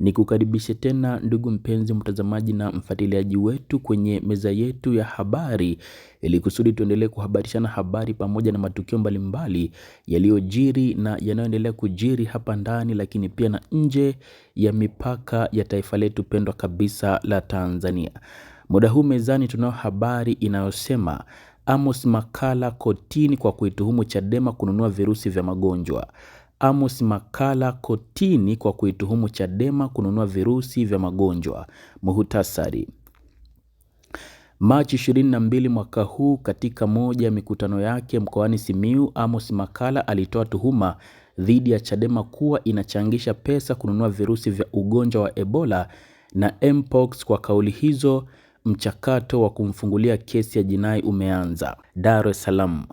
Nikukaribishe tena ndugu mpenzi mtazamaji na mfuatiliaji wetu kwenye meza yetu ya habari ili kusudi tuendelee kuhabarishana habari pamoja na matukio mbalimbali yaliyojiri na yanayoendelea kujiri hapa ndani, lakini pia na nje ya mipaka ya taifa letu pendwa kabisa la Tanzania. Muda huu mezani tunao habari inayosema Amos Makala kotini kwa kuituhumu Chadema kununua virusi vya magonjwa. Amos Makala kotini kwa kuituhumu Chadema kununua virusi vya magonjwa. Muhutasari, Machi 22 mwaka huu, katika moja ya mikutano yake mkoani Simiu, Amos Makala alitoa tuhuma dhidi ya Chadema kuwa inachangisha pesa kununua virusi vya ugonjwa wa Ebola na Mpox. Kwa kauli hizo, mchakato wa kumfungulia kesi ya jinai umeanza. Dar es Salaam,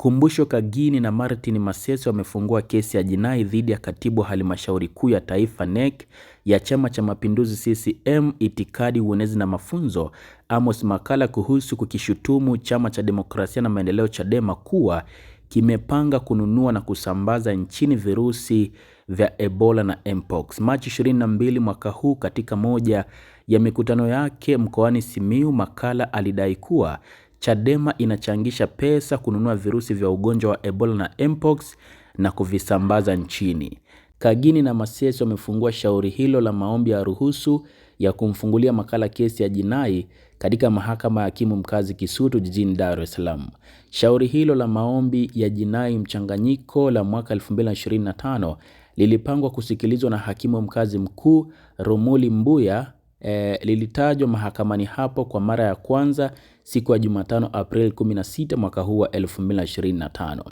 Kumbusho Kagini na Martin Masese wamefungua kesi ya jinai dhidi ya katibu wa halmashauri kuu ya taifa NEC ya Chama cha Mapinduzi CCM Itikadi, Uenezi na Mafunzo, Amos makala kuhusu kukishutumu Chama cha Demokrasia na Maendeleo Chadema kuwa kimepanga kununua na kusambaza nchini virusi vya Ebola na Mpox. Machi 22 mwaka huu, katika moja ya mikutano yake mkoani Simiu, makala alidai kuwa Chadema inachangisha pesa kununua virusi vya ugonjwa wa Ebola na Mpox na kuvisambaza nchini. Kagini na Masesi wamefungua shauri hilo la maombi ya ruhusu ya kumfungulia makala kesi ya jinai katika mahakama ya hakimu mkazi Kisutu jijini Dar es Salaam. Shauri hilo la maombi ya jinai mchanganyiko la mwaka 2025 lilipangwa kusikilizwa na hakimu mkazi mkuu Romuli Mbuya. E, lilitajwa mahakamani hapo kwa mara ya kwanza siku ya Jumatano Aprili 16 mwaka huu wa 2025.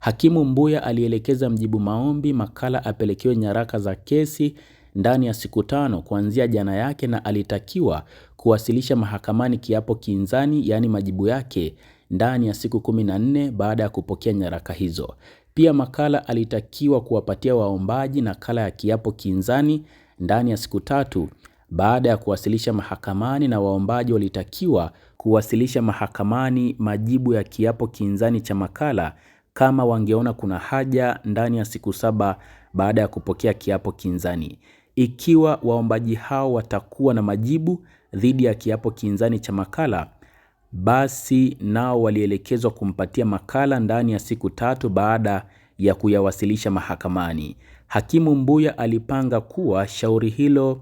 Hakimu Mbuya alielekeza mjibu maombi makala apelekewe nyaraka za kesi ndani ya siku tano kuanzia jana yake na alitakiwa kuwasilisha mahakamani kiapo kinzani, yaani majibu yake ndani ya siku 14 baada ya kupokea nyaraka hizo. Pia makala alitakiwa kuwapatia waombaji nakala ya kiapo kinzani ndani ya siku tatu baada ya kuwasilisha mahakamani, na waombaji walitakiwa kuwasilisha mahakamani majibu ya kiapo kinzani cha makala kama wangeona kuna haja ndani ya siku saba baada ya kupokea kiapo kinzani. Ikiwa waombaji hao watakuwa na majibu dhidi ya kiapo kinzani cha makala, basi nao walielekezwa kumpatia makala ndani ya siku tatu baada ya kuyawasilisha mahakamani. Hakimu Mbuya alipanga kuwa shauri hilo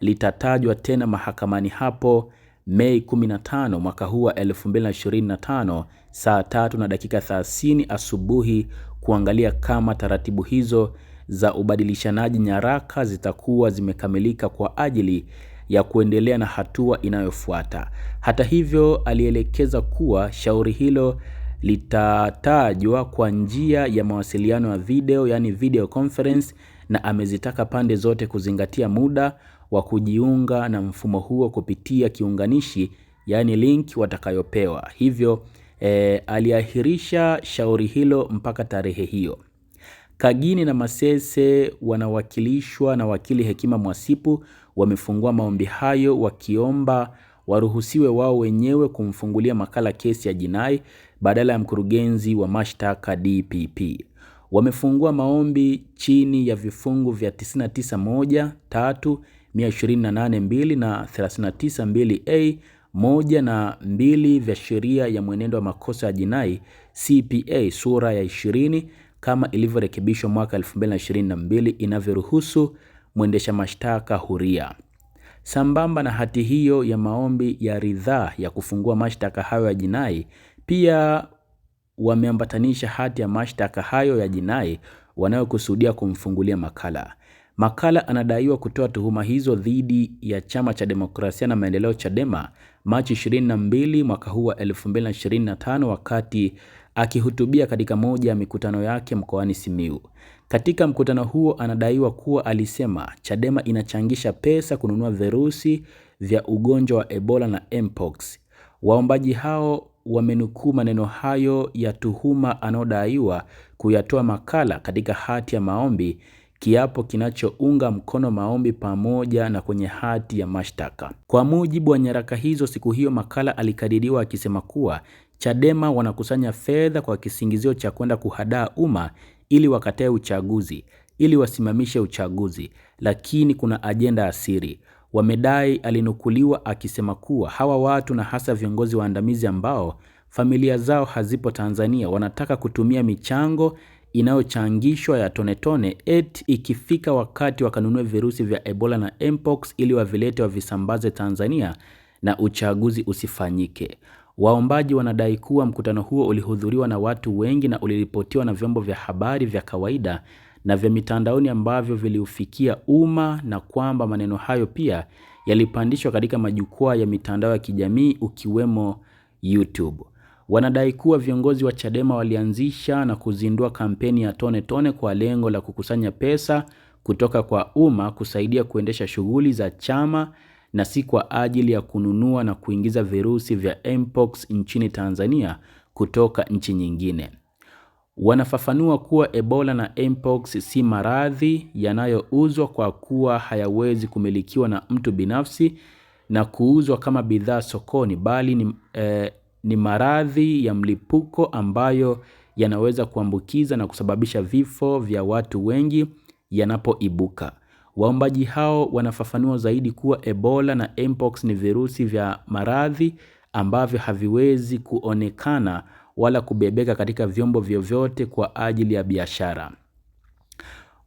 litatajwa tena mahakamani hapo Mei 15 mwaka huu wa 2025 saa tatu na dakika 30 asubuhi kuangalia kama taratibu hizo za ubadilishanaji nyaraka zitakuwa zimekamilika kwa ajili ya kuendelea na hatua inayofuata. Hata hivyo, alielekeza kuwa shauri hilo litatajwa kwa njia ya mawasiliano ya video, yani video conference, na amezitaka pande zote kuzingatia muda wa kujiunga na mfumo huo kupitia kiunganishi yani link watakayopewa. Hivyo e, aliahirisha shauri hilo mpaka tarehe hiyo. Kagini na Masese wanawakilishwa na wakili Hekima Mwasipu wamefungua maombi hayo wakiomba waruhusiwe wao wenyewe kumfungulia makala kesi ya jinai badala ya mkurugenzi wa mashtaka DPP. Wamefungua maombi chini ya vifungu vya 99 moja, tatu, 128(2) na 392A moja na mbili vya sheria ya mwenendo wa makosa ya jinai CPA sura ya 20 kama ilivyorekebishwa mwaka 2022 inavyoruhusu mwendesha mashtaka huria. Sambamba na hati hiyo ya maombi ya ridhaa ya kufungua mashtaka hayo ya jinai, pia wameambatanisha hati ya mashtaka hayo ya jinai wanayokusudia kumfungulia makala. Makala anadaiwa kutoa tuhuma hizo dhidi ya chama cha demokrasia na maendeleo Chadema Machi 22 mwaka huu wa 2025 wakati akihutubia katika moja ya mikutano yake mkoani simiu Katika mkutano huo anadaiwa kuwa alisema Chadema inachangisha pesa kununua virusi vya ugonjwa wa Ebola na Mpox. Waombaji hao wamenukuu maneno hayo ya tuhuma anayodaiwa kuyatoa Makala katika hati ya maombi kiapo kinachounga mkono maombi pamoja na kwenye hati ya mashtaka. Kwa mujibu wa nyaraka hizo, siku hiyo makala alikadiriwa akisema kuwa Chadema wanakusanya fedha kwa kisingizio cha kwenda kuhadaa umma ili wakatae uchaguzi, ili wasimamishe uchaguzi, lakini kuna ajenda asiri wamedai. Alinukuliwa akisema kuwa hawa watu na hasa viongozi waandamizi ambao familia zao hazipo Tanzania wanataka kutumia michango inayochangishwa ya tonetone et ikifika wakati wakanunue virusi vya Ebola na Mpox ili wavilete wavisambaze Tanzania na uchaguzi usifanyike. Waombaji wanadai kuwa mkutano huo ulihudhuriwa na watu wengi na uliripotiwa na vyombo vya habari vya kawaida na vya mitandaoni ambavyo viliufikia umma na kwamba maneno hayo pia yalipandishwa katika majukwaa ya mitandao ya kijamii ukiwemo YouTube. Wanadai kuwa viongozi wa Chadema walianzisha na kuzindua kampeni ya Tone Tone kwa lengo la kukusanya pesa kutoka kwa umma kusaidia kuendesha shughuli za chama na si kwa ajili ya kununua na kuingiza virusi vya mpox nchini Tanzania kutoka nchi nyingine. Wanafafanua kuwa Ebola na mpox si maradhi yanayouzwa kwa kuwa hayawezi kumilikiwa na mtu binafsi na kuuzwa kama bidhaa sokoni bali ni, eh, ni maradhi ya mlipuko ambayo yanaweza kuambukiza na kusababisha vifo vya watu wengi yanapoibuka. Waombaji hao wanafafanua zaidi kuwa Ebola na Mpox ni virusi vya maradhi ambavyo haviwezi kuonekana wala kubebeka katika vyombo vyovyote kwa ajili ya biashara.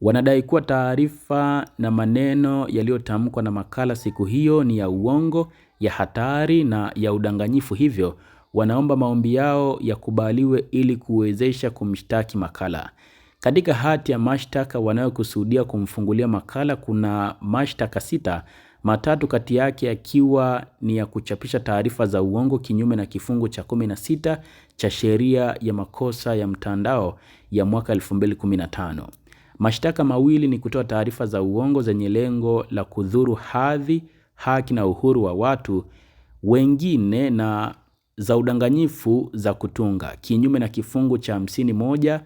Wanadai kuwa taarifa na maneno yaliyotamkwa na makala siku hiyo ni ya uongo, ya hatari na ya udanganyifu hivyo wanaomba maombi yao yakubaliwe ili kuwezesha kumshtaki makala Katika hati ya mashtaka wanayokusudia kumfungulia makala kuna mashtaka sita, matatu kati yake yakiwa ni ya kuchapisha taarifa za uongo kinyume na kifungu cha 16 cha sheria ya makosa ya mtandao ya mwaka 2015. Mashtaka mawili ni kutoa taarifa za uongo zenye lengo la kudhuru hadhi, haki na uhuru wa watu wengine na za udanganyifu za kutunga kinyume na kifungu cha 51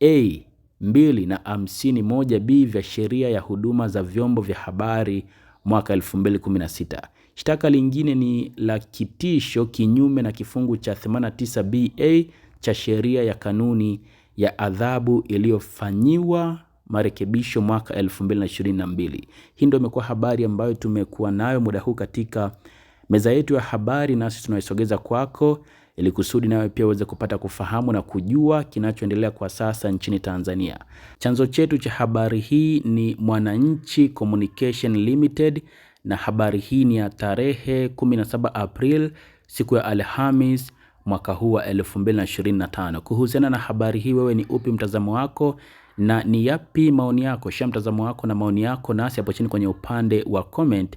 a 2 na 51 b vya sheria ya huduma za vyombo vya habari mwaka 2016. Shtaka lingine ni la kitisho kinyume na kifungu cha 89ba cha sheria ya kanuni ya adhabu iliyofanyiwa marekebisho mwaka 2022. Hii ndio imekuwa habari ambayo tumekuwa nayo muda huu katika meza yetu ya habari, nasi tunaisogeza kwako ili kusudi nawe pia uweze kupata kufahamu na kujua kinachoendelea kwa sasa nchini Tanzania. Chanzo chetu cha habari hii ni Mwananchi Communication Limited na habari hii ni ya tarehe 17 April, siku ya Alhamis mwaka huu wa 2025. Kuhusiana na habari hii, wewe ni upi mtazamo wako na ni yapi maoni yako? Shia mtazamo wako na maoni yako nasi hapo chini kwenye upande wa comment